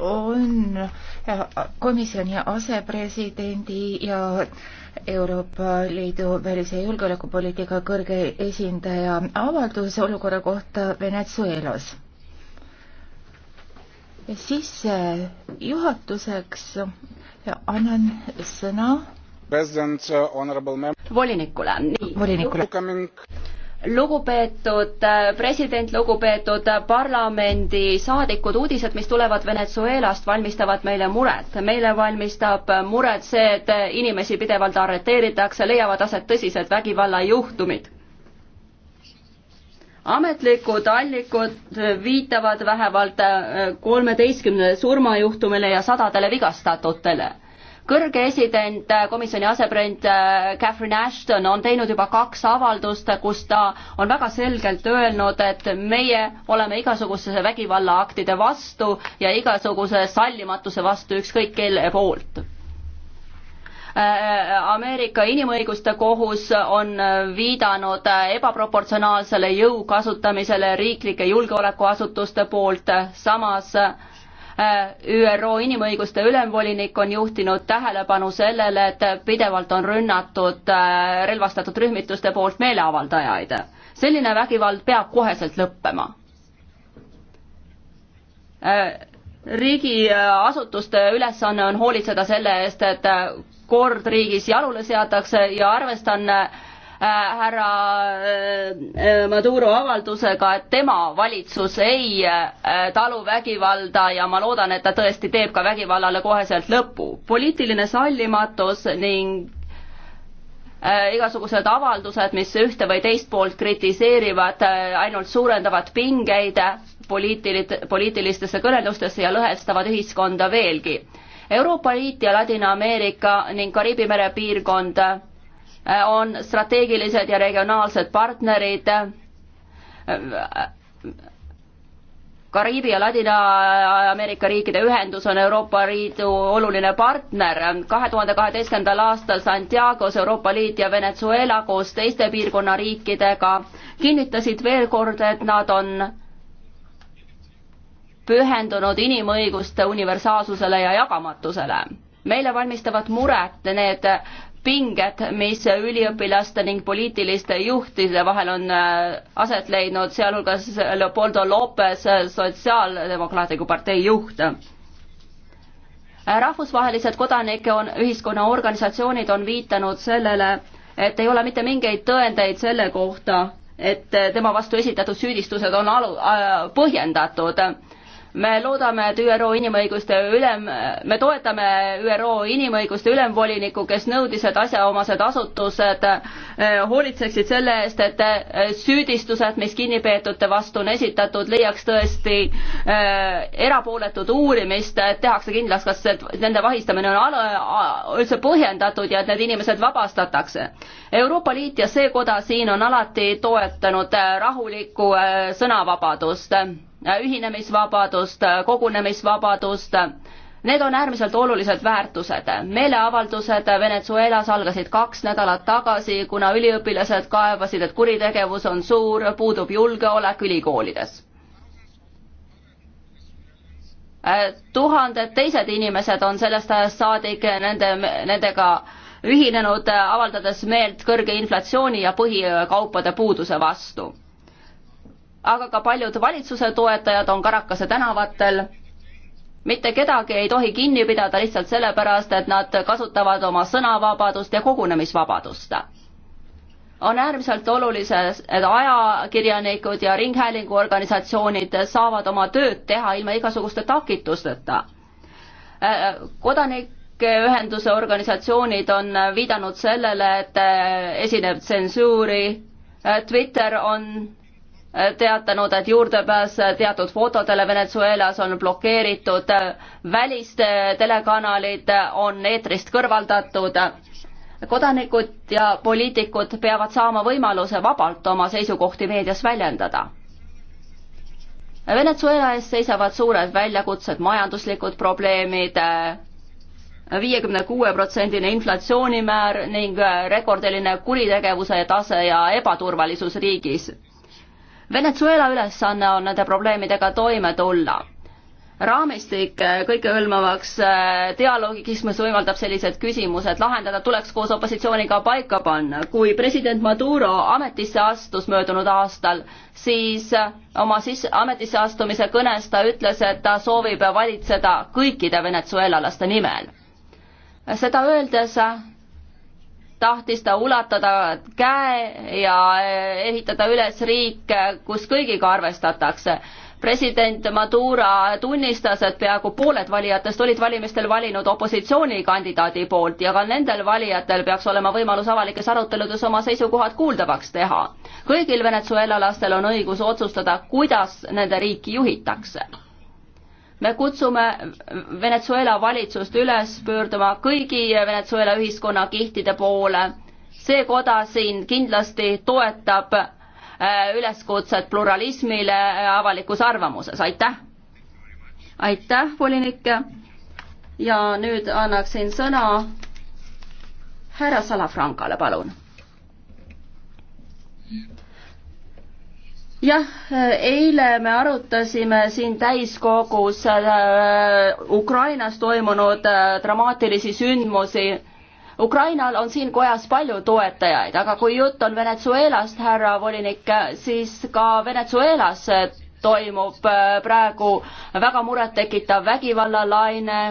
on komisjoni asepresidendi ja Euroopa Liidu välis- ja julgeolekupoliitika kõrge esindaja avaldus olukorra kohta Venezuelas. sissejuhatuseks annan sõna volinikule. volinikule lugupeetud äh, president, lugupeetud parlamendisaadikud, uudised, mis tulevad Venezuelast, valmistavad meile muret. meile valmistab muret see, et inimesi pidevalt arreteeritakse, leiavad aset tõsised vägivallajuhtumid. ametlikud allikud viitavad vähemalt äh, kolmeteistkümnele surmajuhtumile ja sadadele vigastatutele kõrge esident, äh, komisjoni asepresident äh, Catherine Ashton on teinud juba kaks avaldust, kus ta on väga selgelt öelnud, et meie oleme igasuguse vägivallaaktide vastu ja igasuguse sallimatuse vastu ükskõik kelle poolt. Äh, Ameerika Inimõiguste Kohus on viidanud ebaproportsionaalsele jõu kasutamisele riiklike julgeolekuasutuste poolt, samas äh, Äh, ÜRO inimõiguste ülemvolinik on juhtinud tähelepanu sellele, et pidevalt on rünnatud äh, relvastatud rühmituste poolt meeleavaldajaid. selline vägivald peab koheselt lõppema. Äh, riigiasutuste ülesanne on hoolitseda selle eest, et kord riigis jalule seatakse ja arvestan äh, Äh, härra äh, äh, Maduro avaldusega, et tema valitsus ei talu vägivalda ja ma loodan, et ta tõesti teeb ka vägivallale koheselt lõpu. poliitiline sallimatus ning igasugused avaldused, mis ühte või teist poolt kritiseerivad, ainult suurendavad pingeid poliitilit-, poliitilistesse kõnelustesse ja lõhestavad ühiskonda veelgi. Euroopa Liit ja Ladina-Ameerika ning Kariibi mere piirkond Äh, on strateegilised ja regionaalsed partnerid. Äh, Kariibi ja Ladina-Ameerika riikide ühendus on Euroopa Liidu oluline partner. kahe tuhande kaheteistkümnendal aastal Santiago's Euroopa Liit ja Venezuela koos teiste piirkonna riikidega kinnitasid veel kord, et nad on pühendunud inimõiguste universaalsusele ja jagamatusele. meile valmistavad muret need pinged, mis üliõpilaste ning poliitiliste juhtide vahel on äh, aset leidnud, sealhulgas Leopoldo Lopez, Sotsiaaldemokraatliku partei juht. rahvusvahelised kodanike on, ühiskonnaorganisatsioonid on viitanud sellele, et ei ole mitte mingeid tõendeid selle kohta, et tema vastu esitatud süüdistused on alu-, äh, põhjendatud me loodame, et ÜRO inimõiguste ülem, me toetame ÜRO inimõiguste ülemvolinikku, kes nõudis, et asjaomased asutused eh, hoolitseksid selle eest, et eh, süüdistused, mis kinnipeetute vastu on esitatud, leiaks tõesti eh, erapooletut uurimist, et tehakse kindlaks, kas nende vahistamine on ala, üldse põhjendatud ja et need inimesed vabastatakse. Euroopa Liit ja see koda siin on alati toetanud rahulikku sõnavabadust ühinemisvabadust, kogunemisvabadust. Need on äärmiselt olulised väärtused. meeleavaldused Venezuelas algasid kaks nädalat tagasi, kuna üliõpilased kaebasid, et kuritegevus on suur, puudub julgeolek ülikoolides. tuhanded teised inimesed on sellest ajast saadik nende, nendega ühinenud, avaldades meelt kõrge inflatsiooni ja põhikaupade puuduse vastu aga ka paljud valitsuse toetajad on Karakase tänavatel. mitte kedagi ei tohi kinni pidada lihtsalt sellepärast, et nad kasutavad oma sõnavabadust ja kogunemisvabadust. on äärmiselt olulise, et ajakirjanikud ja ringhäälinguorganisatsioonid saavad oma tööd teha ilma igasuguste takitusteta. kodanik ühenduse organisatsioonid on viidanud sellele, et esineb tsensuuri, Twitter on teatanud, et juurdepääs teatud fotodele Venezuelas on blokeeritud, välistelekanalid on eetrist kõrvaldatud. kodanikud ja poliitikud peavad saama võimaluse vabalt oma seisukohti meedias väljendada. Venezuela ees seisavad suured väljakutsed, majanduslikud probleemid, viiekümne kuue protsendine inflatsioonimäär ning rekordiline kuritegevuse tase ja ebaturvalisus riigis Venezuela ülesanne on nende probleemidega toime tulla raamistik äh, kõikehõlmavaks äh, dialoogiks, mis võimaldab sellised küsimused lahendada, tuleks koos opositsiooniga paika panna. kui president Maduro ametisse astus möödunud aastal, siis äh, oma siis ametisse astumise kõnes ta ütles, et ta soovib valitseda kõikide venezuelalaste nimel. seda öeldes tahtis ta ulatada käe ja ehitada üles riik, kus kõigiga arvestatakse. president Maduro tunnistas, et peaaegu pooled valijatest olid valimistel valinud opositsioonikandidaadi poolt ja ka nendel valijatel peaks olema võimalus avalikes aruteludes oma seisukohad kuuldavaks teha. kõigil venezuelalastel on õigus otsustada, kuidas nende riiki juhitakse me kutsume Venezuela valitsust üles pöörduma kõigi Venezuela ühiskonnakihtide poole. see koda siin kindlasti toetab äh, üleskutset pluralismile äh, avalikus arvamuses, aitäh! aitäh, volinik! ja nüüd annaksin sõna härra Salafrankale, palun jah, eile me arutasime siin täiskogus äh, Ukrainas toimunud äh, dramaatilisi sündmusi. Ukrainal on siin kojas palju toetajaid, aga kui jutt on Venezuelast, härra volinik, siis ka Venezuelas toimub äh, praegu väga murettekitav vägivallalaine.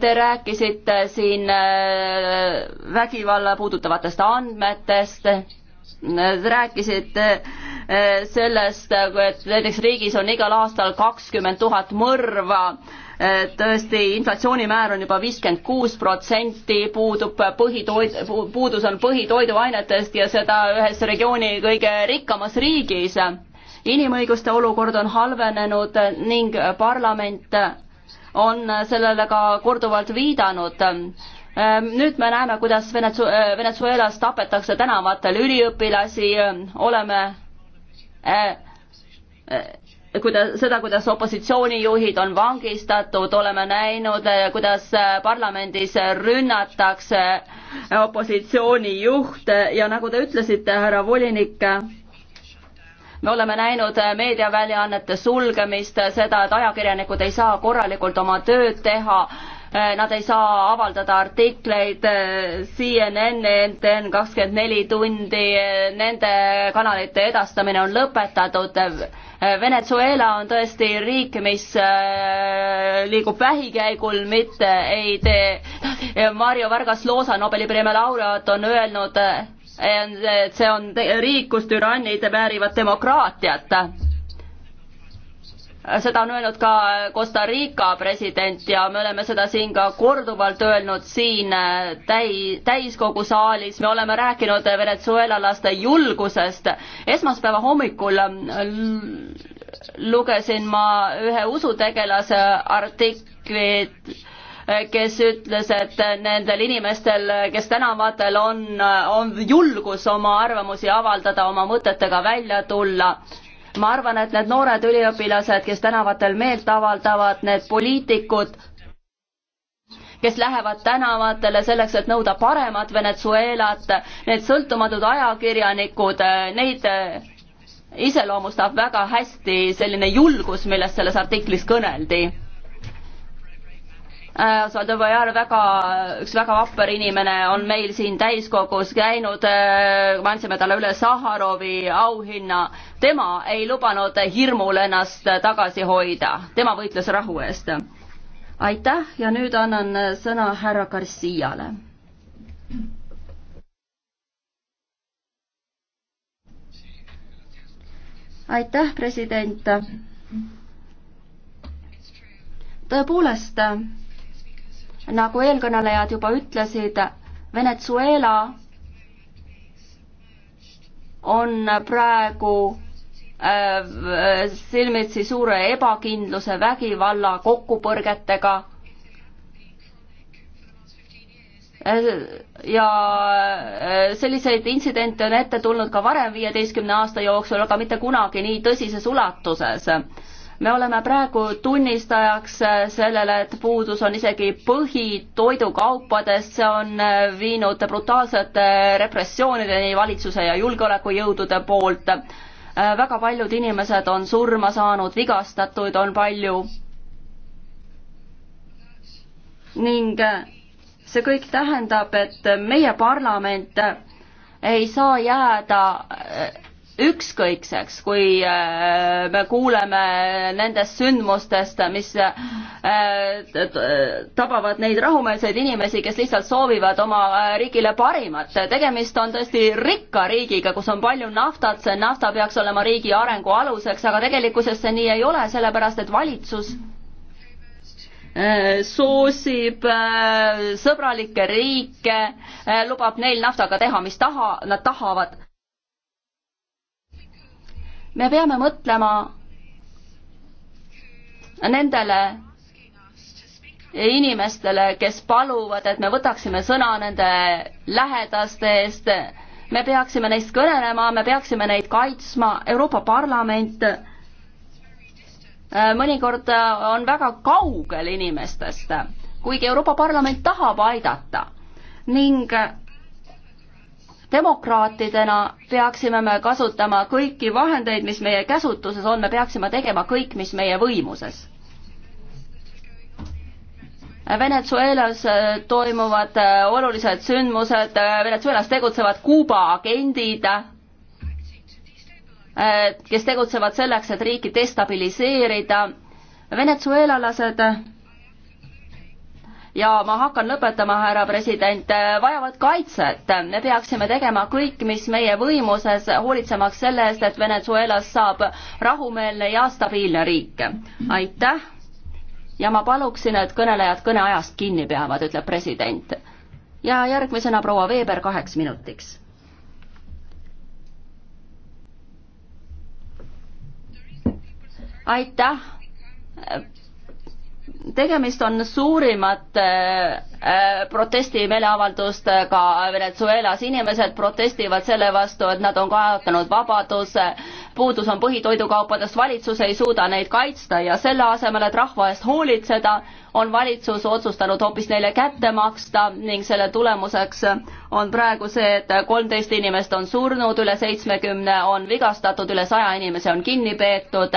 Te rääkisite siin vägivalla puudutavatest andmetest rääkisite eh, sellest, et näiteks riigis on igal aastal kakskümmend tuhat mõrva, eh, tõesti, inflatsioonimäär on juba viiskümmend kuus protsenti, puudub põhitoid, puudus on põhitoiduainetest ja seda ühes regiooni kõige rikkamas riigis. inimõiguste olukord on halvenenud ning parlament on sellele ka korduvalt viidanud Ehm, nüüd me näeme, kuidas äh, Venezuelas tapetakse tänavatel üliõpilasi, ehm, oleme äh, äh, kuidas, seda, kuidas opositsioonijuhid on vangistatud, oleme näinud, kuidas parlamendis rünnatakse opositsioonijuhte ja nagu te ütlesite, härra volinik, me oleme näinud meediaväljaannete sulgemist, seda, et ajakirjanikud ei saa korralikult oma tööd teha Äh, nad ei saa avaldada artikleid äh, CNN, NTN e kakskümmend neli tundi, äh, nende kanalite edastamine on lõpetatud. Venezuela on tõesti riik, mis liigub vähikäigul, mitte ei tee. Mario Vargas Loosa Nobeli preemia laureaat on öelnud, et see on riik, kus türannid väärivad demokraatiat seda on öelnud ka Costa Rica president ja me oleme seda siin ka korduvalt öelnud siin äh, täi-, täiskogu saalis, me oleme rääkinud venezuelalaste julgusest. esmaspäeva hommikul äh, lugesin ma ühe usutegelase artiklit, äh, kes ütles, et nendel inimestel, kes tänavatel on, on julgus oma arvamusi avaldada, oma mõtetega välja tulla ma arvan, et need noored üliõpilased, kes tänavatel meelt avaldavad, need poliitikud, kes lähevad tänavatele selleks, et nõuda paremat Venezuelat, need sõltumatud ajakirjanikud, neid eh, iseloomustab väga hästi selline julgus, millest selles artiklis kõneldi Äh, Saldovajar väga, üks väga vapper inimene on meil siin täiskogus käinud, äh, me andsime talle üle Saharovi auhinna. tema ei lubanud hirmul ennast tagasi hoida, tema võitles rahu eest. aitäh ja nüüd annan sõna härra Garciale. aitäh, president. tõepoolest nagu eelkõnelejad juba ütlesid, Venezuela on praegu äh, silmitsi suure ebakindluse, vägivalla, kokkupõrgetega äh, ja äh, selliseid intsidente on ette tulnud ka varem viieteistkümne aasta jooksul, aga mitte kunagi nii tõsises ulatuses me oleme praegu tunnistajaks äh, sellele, et puudus on isegi põhitoidukaupadest, see on äh, viinud brutaalsete äh, repressioonideni valitsuse ja julgeolekujõudude poolt. väga paljud inimesed on surma saanud, vigastatuid on palju. ning see kõik tähendab, et meie parlament ei saa jääda ükskõikseks, kui äh, me kuuleme nendest sündmustest, mis äh, tabavad neid rahumeelseid inimesi, kes lihtsalt soovivad oma äh, riigile parimat. tegemist on tõesti rikka riigiga, kus on palju naftat, see nafta peaks olema riigi arengu aluseks, aga tegelikkuses see nii ei ole, sellepärast et valitsus soosib sõbralikke riike, lubab neil naftaga teha, mis taha, nad tahavad me peame mõtlema nendele inimestele, kes paluvad, et me võtaksime sõna nende lähedaste eest, me peaksime neist kõnelema, me peaksime neid kaitsma, Euroopa Parlament äh, mõnikord on väga kaugel inimestest, kuigi Euroopa Parlament tahab aidata ning demokraatidena peaksime me kasutama kõiki vahendeid, mis meie käsutuses on, me peaksime tegema kõik, mis meie võimuses. Venezuelas äh, toimuvad äh, olulised sündmused, äh, Venezuelas tegutsevad Kuuba agendid, kes tegutsevad selleks, et riiki destabiliseerida. venezuelalased ja ma hakkan lõpetama, härra president, vajavad kaitset. me peaksime tegema kõik, mis meie võimuses, hoolitsemaks selle eest, et Venezuelast saab rahumeelne ja stabiilne riik. aitäh ja ma paluksin, et kõnelejad kõneajast kinni peavad, ütleb president. ja järgmisena proua Veeber kaheks minutiks. aitäh tegemist on suurimate äh, protestimeeleavaldustega äh, Venezuelas, inimesed protestivad selle vastu, et nad on kaotanud vabaduse, puudus on põhitoidukaupadest, valitsus ei suuda neid kaitsta ja selle asemel, et rahva eest hoolitseda, on valitsus otsustanud hoopis neile kätte maksta ning selle tulemuseks on praegu see, et kolmteist inimest on surnud, üle seitsmekümne on vigastatud, üle saja inimese on kinni peetud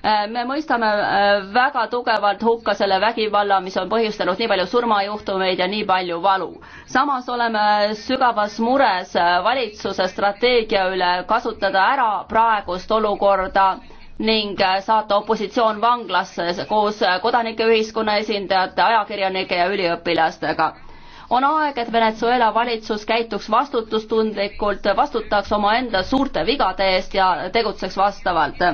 Äh, me mõistame äh, väga tugevalt hukka selle vägivalla, mis on põhjustanud nii palju surmajuhtumeid ja nii palju valu. samas oleme sügavas mures äh, valitsuse strateegia üle kasutada ära praegust olukorda ning saata opositsioon vanglasse koos kodanikeühiskonna esindajate, ajakirjanike ja üliõpilastega. on aeg, et Venezuela valitsus käituks vastutustundlikult, vastutaks omaenda suurte vigade eest ja tegutseks vastavalt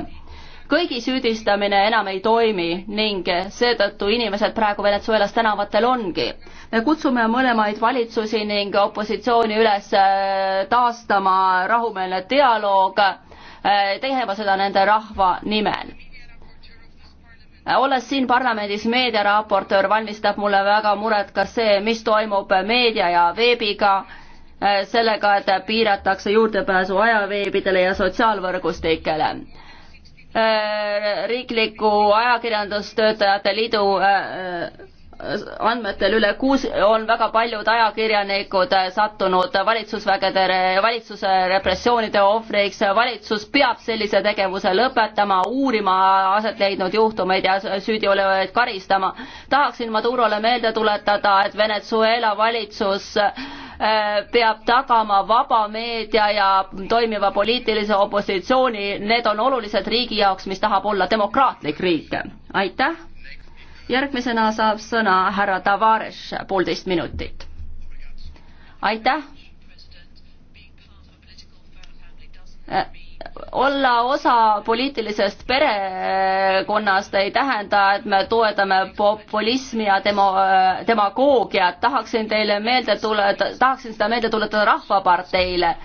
kõigi süüdistamine enam ei toimi ning seetõttu inimesed praegu Venezuelas tänavatel ongi. me kutsume mõlemaid valitsusi ning opositsiooni üles äh, taastama rahumeelne dialoog, äh, tegema seda nende rahva nimel olles siin parlamendis meediaraportöör, valmistab mulle väga muret ka see, mis toimub meedia ja veebiga, äh, sellega, et piiratakse juurdepääsu ajaveebidele ja sotsiaalvõrgustikele Äh, riikliku ajakirjandustöötajate liidu äh, äh, andmetel üle kuus, on väga paljud ajakirjanikud sattunud valitsusvägede, valitsuse repressioonide ohvriks, valitsus peab sellise tegevuse lõpetama, uurima aset leidnud juhtumeid ja süüdiolevaid karistama. tahaksin Madurole meelde tuletada, et Venezuela valitsus äh, peab tagama vaba meedia ja toimiva poliitilise opositsiooni, need on olulised riigi jaoks, mis tahab olla demokraatlik riik. aitäh! järgmisena saab sõna härra Tavares, poolteist minutit. aitäh äh, olla osa poliitilisest perekonnast ei tähenda, et me toetame populismi ja demo, demagoogiat, tahaksin teile meelde tule-, tahaksin seda meelde tuletada Rahvaparteile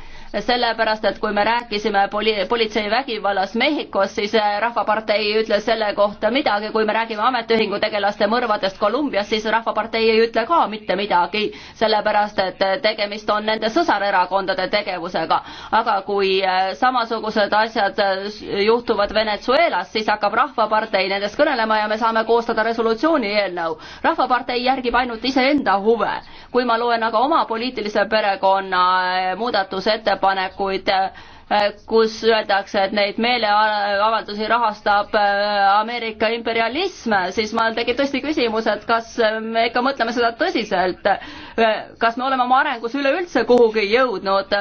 sellepärast et kui me rääkisime poli-, politsei vägivallast Mehhikos, siis äh, Rahvapartei ei ütle selle kohta midagi, kui me räägime ametiühingu tegelaste mõrvadest Kolumbias, siis Rahvapartei ei ütle ka mitte midagi, sellepärast et äh, tegemist on nende sõsarerakondade tegevusega. aga kui äh, samasugused asjad juhtuvad Venezuelas, siis hakkab Rahvapartei nendest kõnelema ja me saame koostada resolutsiooni eelnõu. rahvapartei järgib ainult iseenda huve. kui ma loen aga oma poliitilise perekonna muudatusettepanekuid, ettepanekuid, eh, kus öeldakse, et neid meeleavaldusi rahastab eh, Ameerika imperialism, siis mul tekib tõesti küsimus, et kas me ikka mõtleme seda tõsiselt. Eh, kas me oleme oma arengus üleüldse kuhugi jõudnud?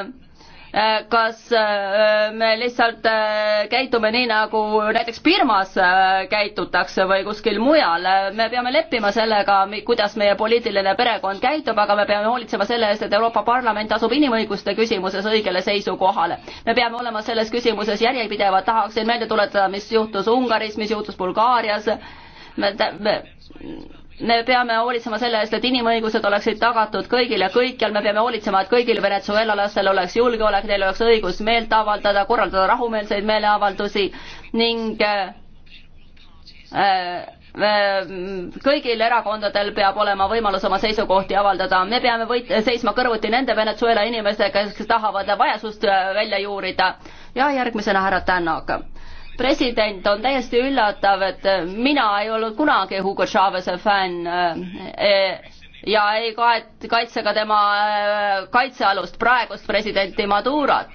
Äh, kas äh, me lihtsalt äh, käitume nii, nagu näiteks Birmas käitutakse või kuskil mujal, me peame leppima sellega, kuidas meie poliitiline perekond käitub, aga me peame hoolitsema selle eest, et Euroopa Parlament asub inimõiguste küsimuses õigele seisukohale. me peame olema selles küsimuses järjepidevad, tahaksin meelde tuletada, mis juhtus Ungaris, mis juhtus Bulgaarias, me, me me peame hoolitsema selle eest, et inimõigused oleksid tagatud kõigile kõikjal, me peame hoolitsema, et kõigil Venezuela lastel oleks julgeolek, neil oleks õigus meelt avaldada, korraldada rahumeelseid meeleavaldusi ning äh, äh, kõigil erakondadel peab olema võimalus oma seisukohti avaldada. me peame võit-, seisma kõrvuti nende Venezuela inimestega, kes tahavad vaesust äh, välja juurida. ja järgmisena härra Tänak president, on täiesti üllatav, et mina ei olnud kunagi Hugo Chavez'e fänn eh, ja ei kaitse ka tema eh, kaitsealust praegust presidenti Madurat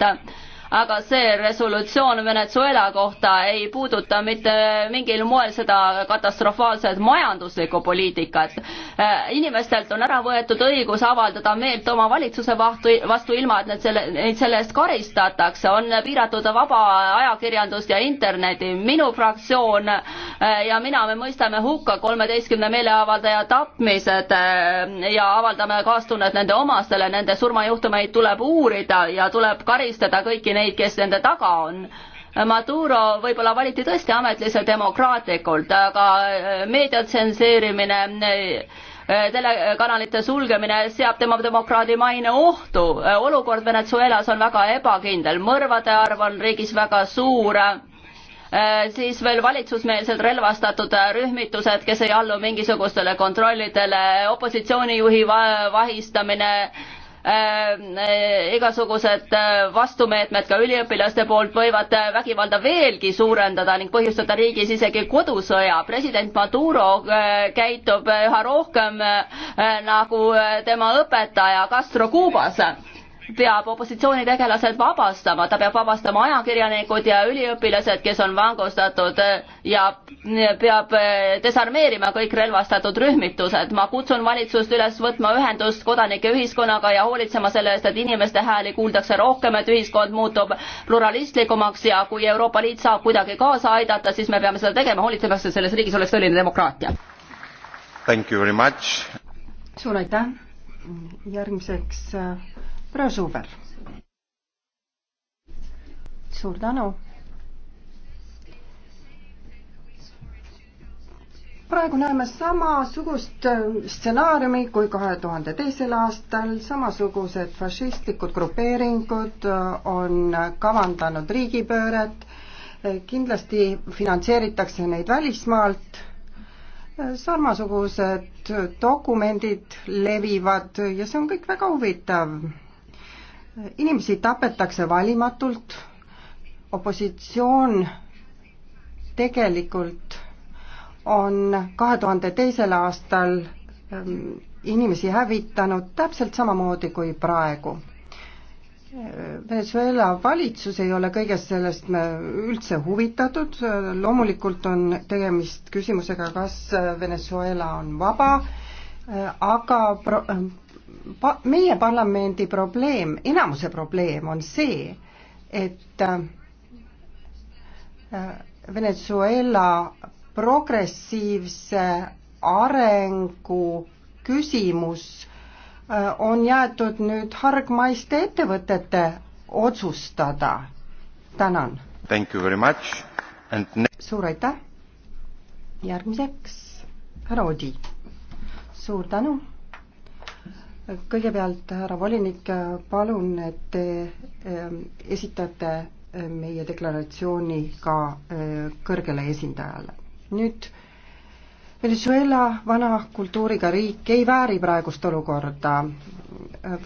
aga see resolutsioon Venezuela kohta ei puuduta mitte mingil moel seda katastrofaalset majanduslikku poliitikat. Äh, inimestelt on ära võetud õigus avaldada meelt oma valitsuse vastu, vastu ilma, et need selle, neid selle eest karistatakse, on piiratud vaba ajakirjandust ja interneti. minu fraktsioon äh, ja mina, me mõistame hukka kolmeteistkümne meeleavaldaja tapmised äh, ja avaldame kaastunnet nende omastele, nende surmajuhtumeid tuleb uurida ja tuleb karistada kõiki neid, kes nende taga on. Maduro võib-olla valiti tõesti ametisse demokraatlikult, aga äh, meedia tsenseerimine äh, telekanalite sulgemine seab tema demokraadi maine ohtu. Äh, olukord Venezuelas on väga ebakindel, mõrvade arv on riigis väga suur, siis veel valitsusmeelsed relvastatud rühmitused, kes ei allu mingisugustele kontrollidele, opositsioonijuhi vahistamine Äh, äh, igasugused äh, vastumeetmed ka üliõpilaste poolt võivad vägivalda veelgi suurendada ning põhjustada riigis isegi kodusõja. president Maduro käitub üha rohkem nagu tema õpetaja Castro Cuubas peab opositsioonitegelased vabastama, ta peab vabastama ajakirjanikud ja üliõpilased, kes on vangustatud eh, ja eh, peab eh, desarmeerima kõik relvastatud rühmitused. ma kutsun valitsust üles võtma ühendust kodanike ühiskonnaga ja hoolitsema selle eest, et inimeste hääli kuuldakse rohkem, et ühiskond muutub pluralistlikumaks ja kui Euroopa Liit saab kuidagi kaasa aidata, siis me peame seda tegema, hoolitsemaks, et selles riigis oleks tõeline demokraatia. suur aitäh, järgmiseks proua Suuber. suur tänu. praegu näeme samasugust äh, stsenaariumi kui kahe tuhande teisel aastal, samasugused fašistlikud grupeeringud äh, on kavandanud riigipööret, äh, kindlasti finantseeritakse neid välismaalt samasugused dokumendid levivad ja see on kõik väga huvitav inimesi tapetakse valimatult, opositsioon tegelikult on kahe tuhande teisel aastal ähm, inimesi hävitanud täpselt samamoodi kui praegu. Venezuela valitsus ei ole kõigest sellest äh, üldse huvitatud, loomulikult on tegemist küsimusega, kas Venezuela on vaba, äh, aga pro-, pa-, meie parlamendi probleem, enamuse probleem on see, et äh, Venezuela progressiivse arengu küsimus äh, on jäetud nüüd hargmaiste ettevõtete otsustada. tänan. And... suur aitäh. järgmiseks härra Odi. suur tänu kõigepealt, härra volinik, palun, et te ähm, esitate äh, meie deklaratsiooni ka äh, kõrgele esindajale. nüüd Venezuela vana kultuuriga riik ei vääri praegust olukorda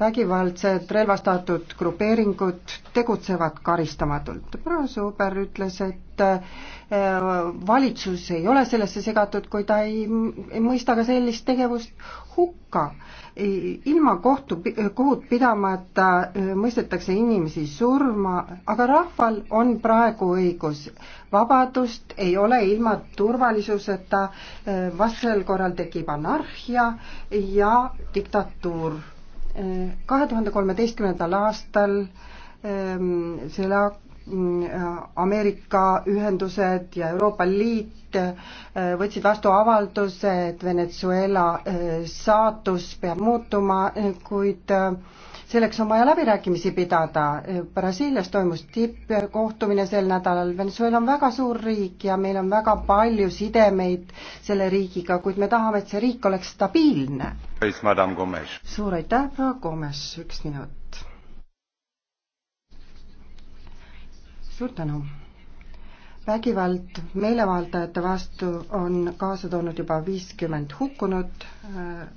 vägivaldsed relvastatud grupeeringud tegutsevad karistamatult. Browse Uber ütles, et äh, valitsus ei ole sellesse segatud, kui ta ei, ei mõista ka sellist tegevust hukka. ilma kohtu, kohut pidamata äh, mõistetakse inimesi surma, aga rahval on praegu õigus. vabadust ei ole ilma turvalisuseta, äh, vastasel korral tekib anarhia ja diktatuur kahe tuhande kolmeteistkümnendal aastal ehm, selle mm, Ameerika ühendused ja Euroopa Liit eh, võtsid vastu avalduse, et Venezuela eh, saatus peab muutuma, eh, kuid selleks on vaja läbirääkimisi pidada. Brasiilias toimus tippkohtumine sel nädalal, Venezuela on väga suur riik ja meil on väga palju sidemeid selle riigiga, kuid me tahame, et see riik oleks stabiilne. suur aitäh, proua Gomes, üks minut. suur tänu vägivald meelevaldajate vastu on kaasa toonud juba viiskümmend hukkunut,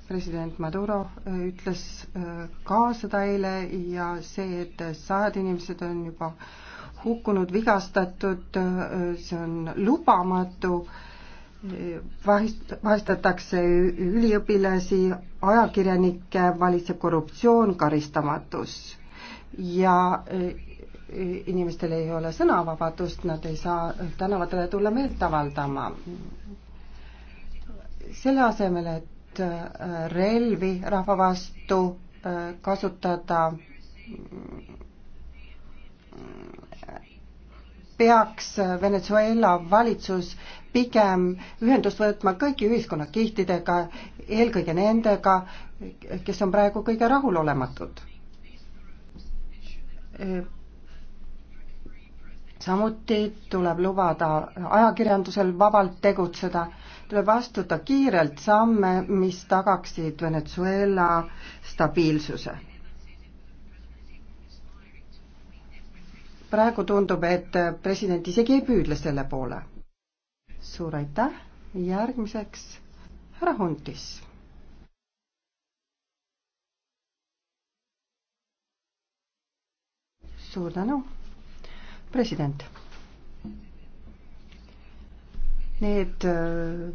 president Maduro äh, ütles äh, ka seda eile ja see, et sajad inimesed on juba hukkunud, vigastatud, äh, see on lubamatu, vahist-, vahistatakse üliõpilasi, ajakirjanikke, valitseb korruptsioon, karistamatus ja inimestel ei ole sõnavabadust, nad ei saa tänavatele tulla meelt avaldama. selle asemel, et äh, relvi rahva vastu äh, kasutada, peaks Venezuela valitsus pigem ühendust võtma kõigi ühiskonnakihtidega, eelkõige nendega, kes on praegu kõige rahulolematud äh, samuti tuleb lubada ajakirjandusel vabalt tegutseda, tuleb astuda kiirelt samme, mis tagaksid Venezuela stabiilsuse. praegu tundub, et president isegi ei püüdle selle poole. suur aitäh, järgmiseks härra Huntis. suur tänu president. Need äh,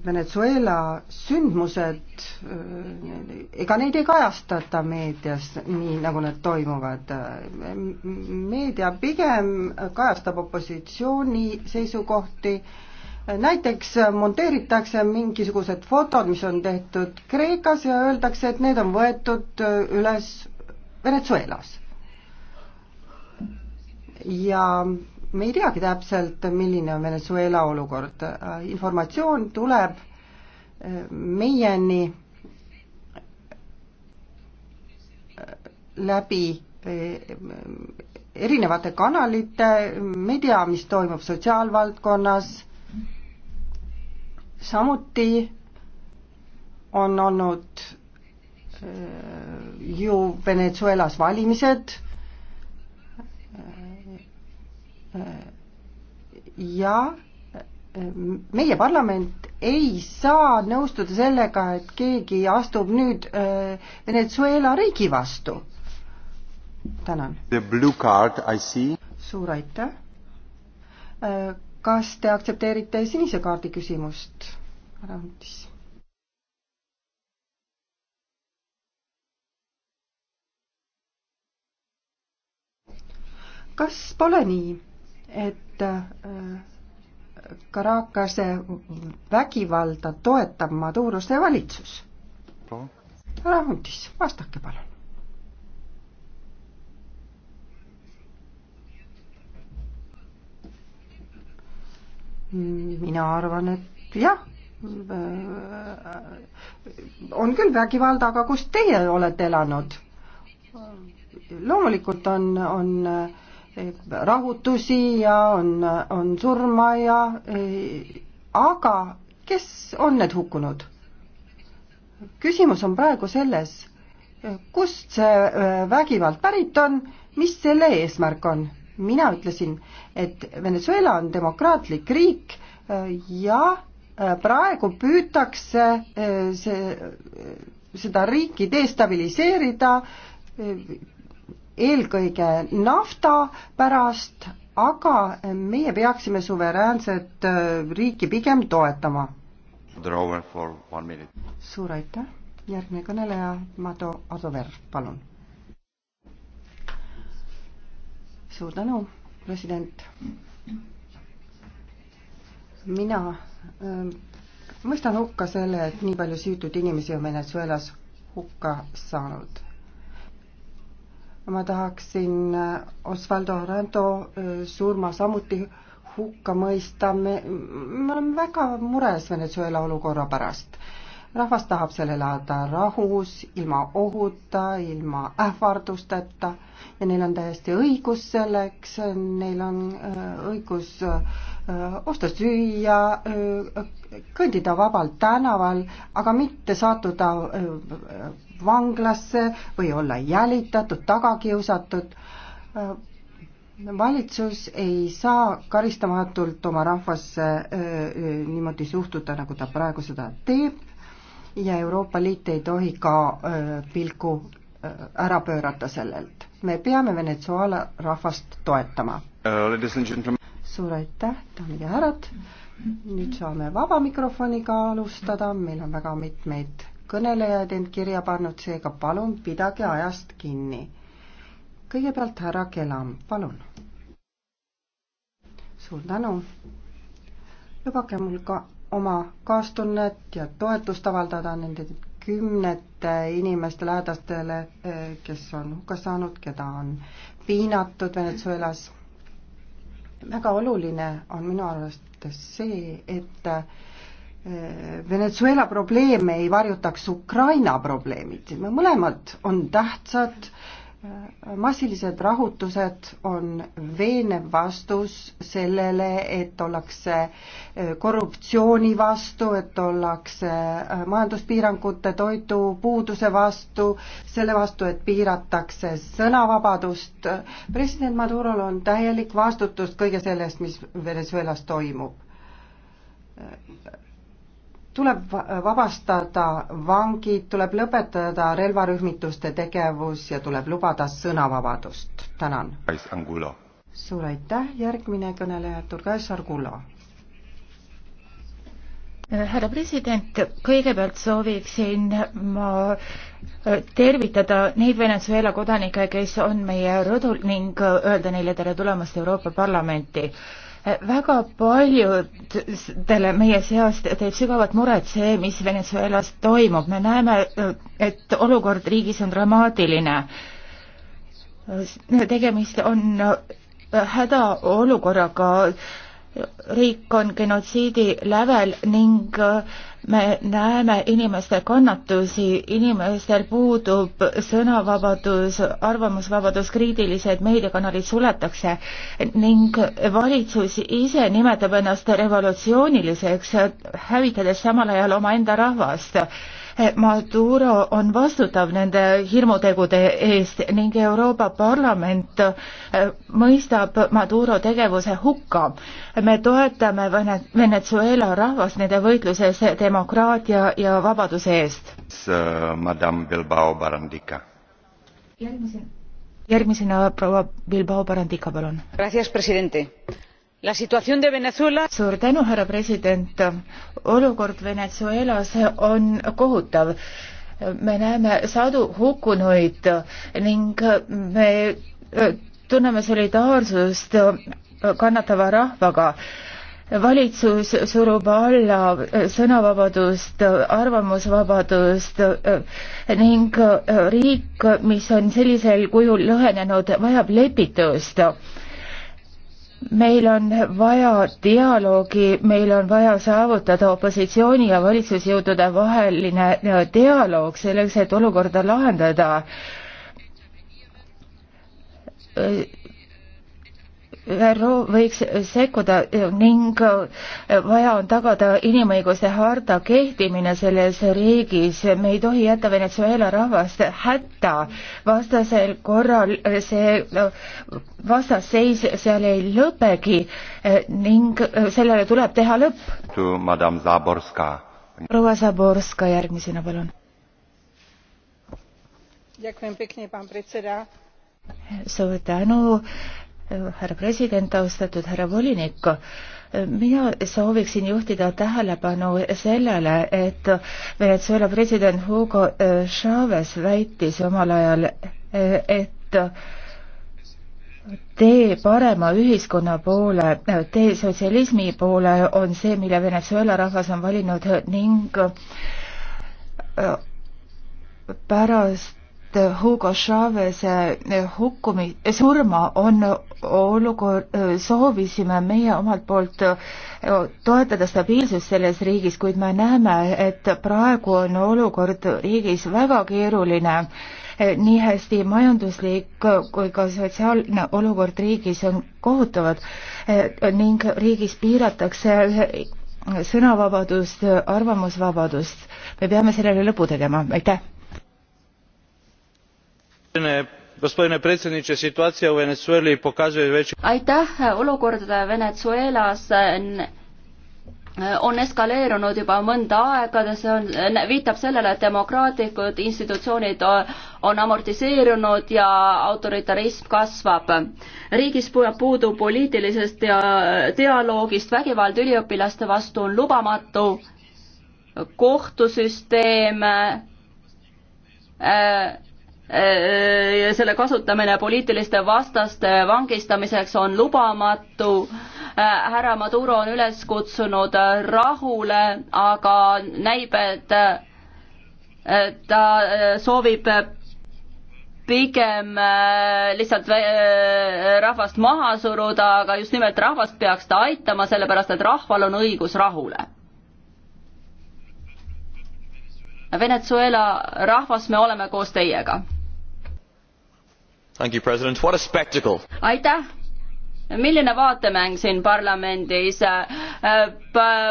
Venezuela sündmused, äh, ega neid ei kajastata meedias nii, nagu need toimuvad. meedia pigem kajastab opositsiooni seisukohti, näiteks monteeritakse mingisugused fotod, mis on tehtud Kreekas ja öeldakse, et need on võetud äh, üles Venezuelas ja me ei teagi täpselt, milline on Venezuela olukord. informatsioon tuleb eh, meieni eh, läbi eh, erinevate kanalite, me ei tea, mis toimub sotsiaalvaldkonnas, samuti on olnud ju Venezuelas valimised ja äh, meie parlament ei saa nõustuda sellega, et keegi astub nüüd äh, Venezuela riigi vastu. tänan. suur aitäh. Äh, kas te aktsepteerite sinise kaardi küsimust? härra Huntis. kas pole nii? et Caracase äh, vägivalda toetab Maduruse valitsus. härra Huntis, vastake palun. mina arvan, et jah, äh, on küll vägivalda, aga kus teie olete elanud? loomulikult on, on äh, rahutusi ja on, on surma ja aga kes on need hukkunud? küsimus on praegu selles, kust see äh, vägivald pärit on, mis selle eesmärk on? mina ütlesin, et Venezuela on demokraatlik riik äh, ja äh, praegu püütakse see, seda riiki destabiliseerida, eelkõige nafta pärast, aga meie peaksime suveräänset äh, riiki pigem toetama. suur aitäh, järgmine kõneleja, Mado Adover, palun. suur tänu, president. mina äh, mõistan hukka selle, et nii palju süütuid inimesi on Venezuelas hukka saanud ma tahaksin äh, Osvaldo Arando äh, surma samuti hukka mõista, me, me oleme väga mures Venezuela olukorra pärast rahvas tahab sellel elada rahus, ilma ohuta, ilma ähvardusteta ja neil on täiesti õigus selleks, neil on äh, õigus äh, osta süüa, äh, kõndida vabalt tänaval, aga mitte sattuda vanglasse või olla jälitatud, tagakiusatud valitsus ei saa karistamatult oma rahvasse niimoodi suhtuda, nagu ta praegu seda teeb ja Euroopa Liit ei tohi ka pilku ära pöörata sellelt. me peame Venezuela rahvast toetama. Uh, suur aitäh, daamid ja härrad. nüüd saame vaba mikrofoniga alustada, meil on väga mitmeid kõnelejaid end kirja pannud, seega palun pidage ajast kinni. kõigepealt härra Kelam, palun. suur tänu. lubage mul ka oma kaastunnet ja toetust avaldada nende kümnete inimeste lähedastele, eh, kes on hukka saanud, keda on piinatud Venezuelas. väga oluline on minu arvates see, et eh, Venezuela probleeme ei varjutaks Ukraina probleemid, mõlemad on tähtsad massilised rahutused on veenev vastus sellele, et ollakse äh, korruptsiooni vastu, et ollakse äh, majanduspiirangute, toidupuuduse vastu, selle vastu, et piiratakse sõnavabadust. president Madurol on täielik vastutus kõige sellest, mis Venezuelas toimub tuleb vabastada vangid, tuleb lõpetada relvarühmituste tegevus ja tuleb lubada sõnavabadust. tänan. suur aitäh, järgmine kõneleja, Turgais Argulo. härra president, kõigepealt sooviksin ma äh, tervitada neid Venezuela kodanikke, kes on meie rõdul ning äh, öelda neile tere tulemast Euroopa Parlamenti väga paljudele meie seast teeb sügavat muret see, mis Venezuelas toimub. me näeme, et olukord riigis on dramaatiline. tegemist on hädaolukorraga riik on genotsiidi lävel ning äh, me näeme inimeste kannatusi, inimestel puudub sõnavabadus, arvamusvabadus, kriitilised meediakanalid suletakse ning valitsus ise nimetab ennast revolutsiooniliseks, hävitades samal ajal omaenda rahvast Maduro on vastutav nende hirmutegude eest ning Euroopa Parlament eh, mõistab Maduro tegevuse hukka. me toetame Venezuela rahvast nende võitluses demokraatia ja vabaduse eest. Uh, Madame Bilbao Barandica. järgmisena, järgmisena proua Bilbao Barandica, palun. Gracias, presidente suur tänu, härra president. olukord Venezuelas on kohutav. me näeme sadu hukkunuid ning me äh, tunneme solidaarsust kannatava rahvaga valitsus surub alla sõnavabadust, arvamusvabadust äh, ning äh, riik, mis on sellisel kujul lõhenenud, vajab lepitust meil on vaja dialoogi, meil on vaja saavutada opositsiooni ja valitsusjõudude vaheline äh, dialoog selleks, et olukorda lahendada äh, ÜRO võiks sekkuda eh, ning eh, vaja on tagada inimõiguste harta kehtimine selles riigis. me ei tohi jätta Venezuela rahvast hätta, vastasel korral see eh, vastasseis seal ei lõpegi ning sellele tuleb teha lõpp. proua Zaborska järgmisena, palun. suur tänu härra president, austatud härra volinik, mina sooviksin juhtida tähelepanu sellele, et Venezuela president Hugo eh, Chavez väitis omal ajal, eh, et tee parema ühiskonna poole, tee sotsialismi poole on see, mille Venezuela rahvas on valinud ning eh, pärast Hugo Chavez'e hukkumi, surma on olukord, soovisime meie omalt poolt toetada stabiilsust selles riigis, kuid me näeme, et praegu on olukord riigis väga keeruline. nii hästi majanduslik kui ka sotsiaalne olukord riigis on kohutavad ning riigis piiratakse sõnavabadust, arvamusvabadust. me peame sellele lõpu tegema, aitäh! gospodine predsjedniče situacija u venezueli pokazuje već. aitäh olukord venezuelas on eskaleerunud juba mõnda aega ja see on viitab sellele et demokraatlikud institutsioonid on amortiseerunud ja autoritarism kasvab riigis puudub poliitilisest ja dialoogist vägivald üliõpilaste vastu on lubamatu kohtusüsteem äh, Äh, äh, selle kasutamine poliitiliste vastaste vangistamiseks on lubamatu. Äh, härra Maduro on üles kutsunud rahule, aga näib, et ta soovib pigem lihtsalt rahvast maha suruda, aga just nimelt rahvast peaks ta aitama, sellepärast et rahval on õigus rahule Venezuela rahvas, me oleme koos teiega aitäh! milline vaatemäng siin parlamendis äh,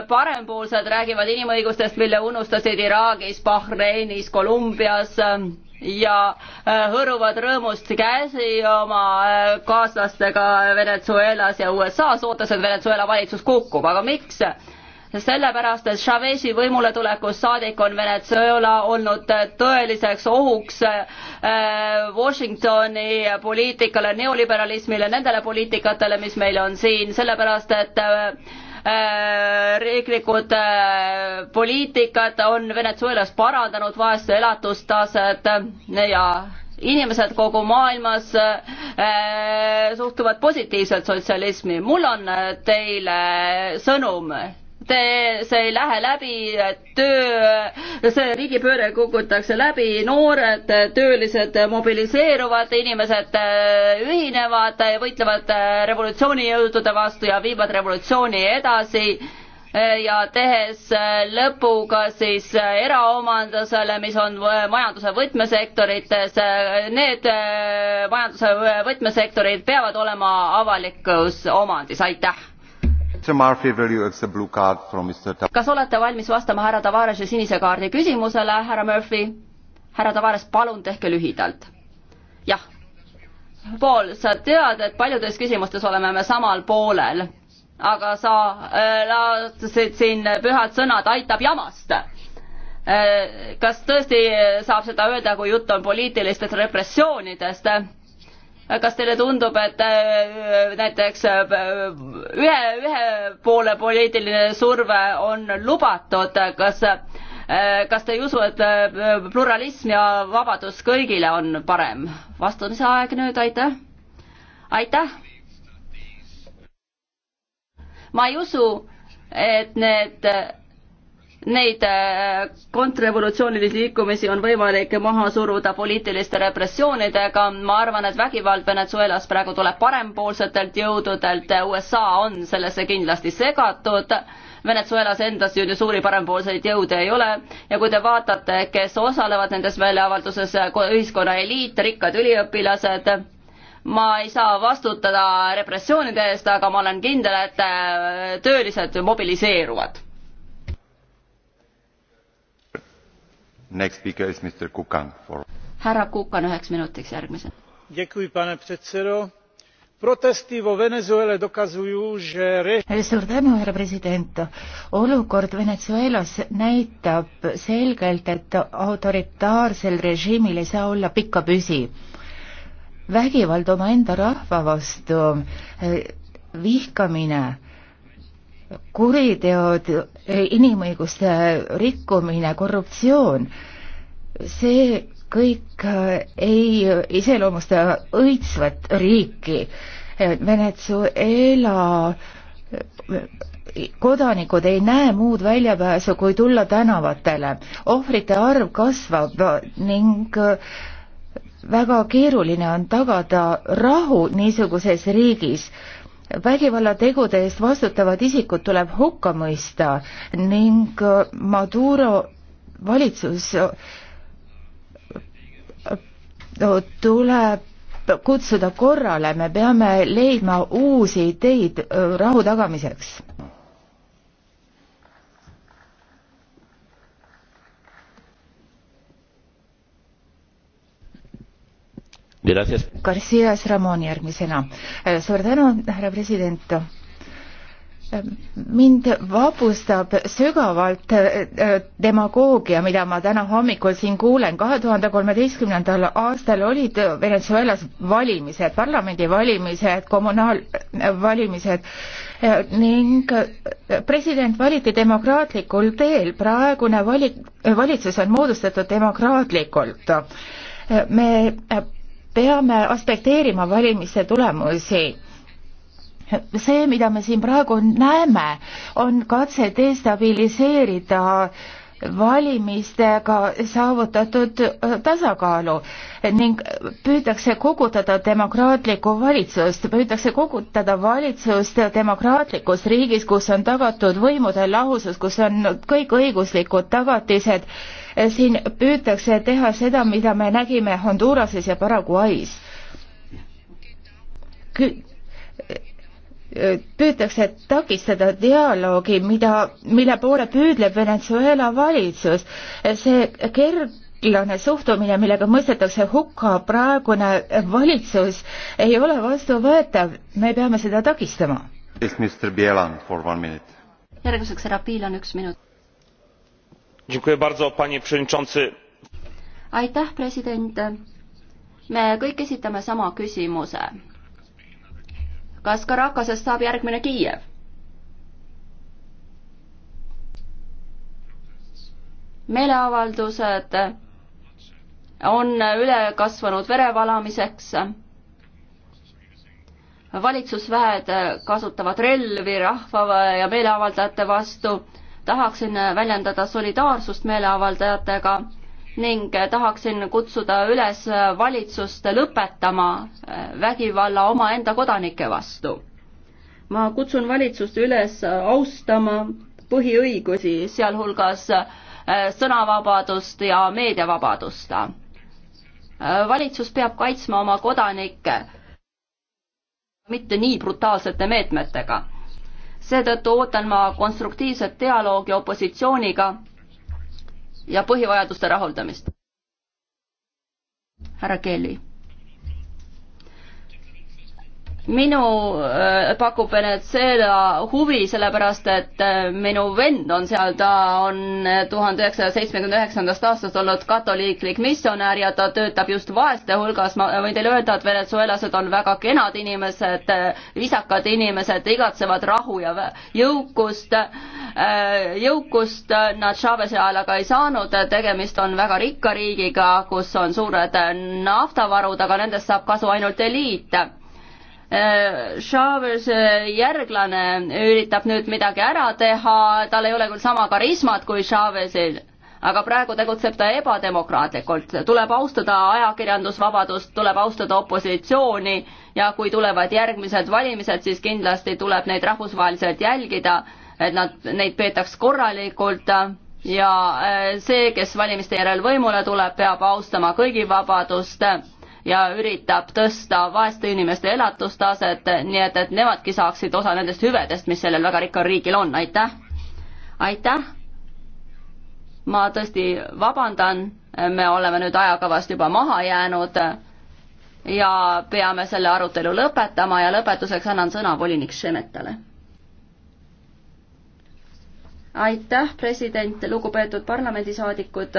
parempoolsed räägivad inimõigustest mille unustasid iraagis bahreinis kolumbias ähm, ja äh, hõõruvad rõõmust käsi oma äh, kaaslastega venezuelas ja usas ootas et venezuela valitsus kukub aga miks? sellepärast, et Chavez'i võimuletulekust saadik on Venezuela olnud tõeliseks ohuks äh, Washingtoni poliitikale, neoliberalismile, nendele poliitikatele, mis meil on siin, sellepärast et äh, äh, riiklikud poliitikad on Venezuelas parandanud vaeste elatustaset ja inimesed kogu maailmas suhtuvad positiivselt sotsialismi. mul on teile sõnum variante, see ei lähe läbi, töö, see riigipööre kukutakse läbi, noored töölised mobiliseeruvad, inimesed äh, ühinevad, võitlevad äh, revolutsioonijõudude vastu ja viivad revolutsiooni edasi äh, ja tehes lõpuga siis eraomandusele, mis on majanduse võtmesektorites, need majanduse võtmesektorid peavad olema avalikus omandis, aitäh! kas olete valmis vastama härra Tavarese sinise kaardi küsimusele, härra Murphy? härra Tavares, palun tehke lühidalt. jah. Paul, sa tead, et paljudes küsimustes oleme me samal poolel, aga sa äh, laadisid siin pühad sõnad aitab jamast äh,. kas tõesti saab seda öelda, kui jutt on poliitilistest repressioonidest äh,? kas teile tundub, et äh, näiteks äh, ühe, ühe poole poliitiline surve on lubatud, kas, äh, kas te ei usu, et pluralism ja vabadus kõigile on parem? vastamise aeg nüüd, aitäh. aitäh. ma ei usu, et need Neid äh, kontrrevolutsioonilisi liikumisi on võimalik maha suruda poliitiliste repressioonidega, ma arvan, et vägivald Venezuelas praegu tuleb parempoolsetelt jõududelt, USA on sellesse kindlasti segatud, Venezuelas endas ju suuri parempoolseid jõude ei ole ja kui te vaatate, kes osalevad nendes meeleavalduses, ühiskonna eliit, rikkad üliõpilased, ma ei saa vastutada repressioonide eest, aga ma olen kindel, et äh, töölised mobiliseeruvad härra kukan üheks minutiks järgmisena. pane predsedo protesty vo venezuele dokazujú že. suur tänu härra president olukord venezuelas näitab selgelt et autoritaarsel režiimil ei saa olla pikka püsi vägivald omaenda rahva vastu eh, vihkamine kuriteod inimõiguste rikkumine, korruptsioon, see kõik äh, ei iseloomusta õitsvat riiki. Venezuela äh, kodanikud ei näe muud väljapääsu, kui tulla tänavatele. ohvrite arv kasvab ning äh, väga keeruline on tagada rahu niisuguses riigis vägivallategude eest vastutavad isikud tuleb hukka mõista ning äh, Maduro valitsus äh, tuleb kutsuda korrale, me peame leidma uusi ideid äh, rahu tagamiseks Garcia Ramon järgmisena. Eh, suur tänu, härra president eh, mind vapustab sügavalt eh, demagoogia, mida ma täna hommikul siin kuulen. kahe tuhande kolmeteistkümnendal aastal olid Venezuelas valimised, parlamendivalimised, kommunaalvalimised ning president valiti demokraatlikul teel. praegune vali-, valitsus on moodustatud demokraatlikult. me peame aspekteerima valimise tulemusi see, mida me siin praegu näeme, on katse destabiliseerida valimistega saavutatud äh, tasakaalu ning püütakse kogutada demokraatlikku valitsust, püütakse kogutada valitsust demokraatlikus riigis, kus on tagatud võimude lahusus, kus on kõik õiguslikud tagatised siin püütakse teha seda, mida me nägime Honduras'is ja Paraguay's. püütakse takistada dialoogi, mida, mille poole püüdleb Venezuela valitsus. see kerg ebaõiglane suhtumine, millega mõistetakse hukka praegune valitsus, ei ole vastuvõetav, me peame seda takistama. järgmiseks härra Piilan, üks minut aitäh, president. me kõik esitame sama küsimuse. kas Caracasest saab järgmine Kiiev? meeleavaldused on üle kasvanud verevalamiseks. valitsusväed kasutavad relvi rahva ja meeleavaldajate vastu tahaksin väljendada solidaarsust meeleavaldajatega ning tahaksin kutsuda üles valitsust lõpetama äh, vägivalla omaenda kodanike vastu. ma kutsun valitsust üles austama põhiõigusi, sealhulgas äh, sõnavabadust ja meediavabadust. Äh, valitsus peab kaitsma oma kodanikke mitte nii brutaalsete meetmetega seetõttu ootan ma konstruktiivset dialoogi opositsiooniga ja põhivajaduste rahuldamist. härra Kelly minu äh, pakub Venezuela huvi, sellepärast et äh, minu vend on seal, ta on äh, tuhande üheksasaja seitsmekümne üheksandast aastast olnud katoliiklik missionär ja ta töötab just vaeste hulgas, ma võin teile öelda, et venezuelased on väga kenad inimesed, viisakad inimesed, igatsevad rahu ja jõukust, jõukust nad Chavez'i ajal aga ei saanud, tegemist on väga rikka riigiga, kus on suured naftavarud, aga nendest saab kasu ainult eliit Chavez äh, äh, järglane üritab nüüd midagi ära teha, tal ei ole küll sama karismat kui Chavezil, aga praegu tegutseb ta ebademokraatlikult, tuleb austada ajakirjandusvabadust, tuleb austada opositsiooni ja kui tulevad järgmised valimised, siis kindlasti tuleb neid rahvusvaheliselt jälgida, et nad, neid peetaks korralikult ja äh, see, kes valimiste järel võimule tuleb, peab austama kõigi vabadust ja üritab tõsta vaeste inimeste elatustaset, nii et, et nemadki saaksid osa nendest hüvedest, mis sellel väga rikkal riigil on, aitäh. aitäh. ma tõesti vabandan, me oleme nüüd ajakavast juba maha jäänud ja peame selle arutelu lõpetama ja lõpetuseks annan sõna volinik Šemetale. aitäh, president, lugupeetud parlamendisaadikud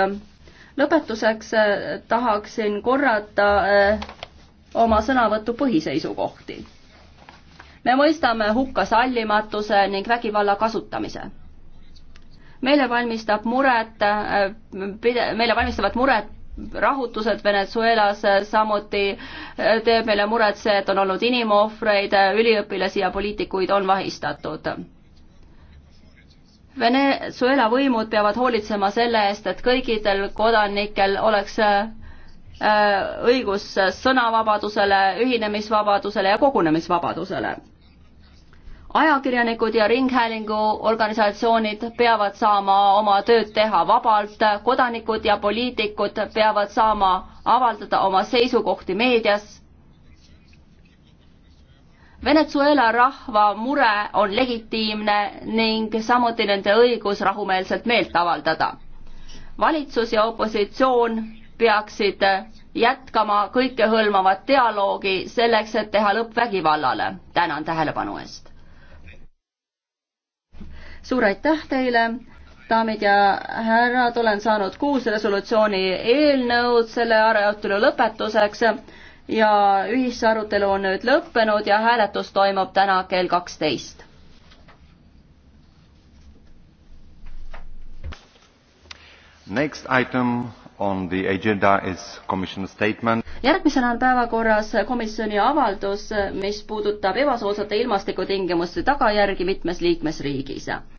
lõpetuseks äh, tahaksin korrata äh, oma sõnavõtu põhiseisukohti. me mõistame hukka sallimatuse ning vägivalla kasutamise. meile valmistab muret, äh, meile valmistavad muret rahutused Venezuelas, samuti teeb meile muret see, et on olnud inimohvreid, üliõpilasi ja poliitikuid on vahistatud Venezuela võimud peavad hoolitsema selle eest, et kõikidel kodanikel oleks äh, äh, õigus sõnavabadusele, ühinemisvabadusele ja kogunemisvabadusele. ajakirjanikud ja ringhäälinguorganisatsioonid peavad saama oma tööd teha vabalt, kodanikud ja poliitikud peavad saama avaldada oma seisukohti meedias Venezuela rahva mure on legitiimne ning samuti nende õigus rahumeelselt meelt avaldada. valitsus ja opositsioon peaksid jätkama kõikehõlmavat dialoogi selleks, et teha lõpp vägivallale. tänan tähelepanu eest. suur aitäh teile, daamid ja härrad, olen saanud kuus resolutsiooni eelnõud selle arutelu lõpetuseks ja ühisarutelu on nüüd lõppenud ja hääletus toimub täna kell kaksteist. Next item on the agenda is commission statement. järgmisena on päevakorras komisjoni avaldus, mis puudutab ebasoodsate ilmastikutingimuste tagajärgi mitmes liikmesriigis.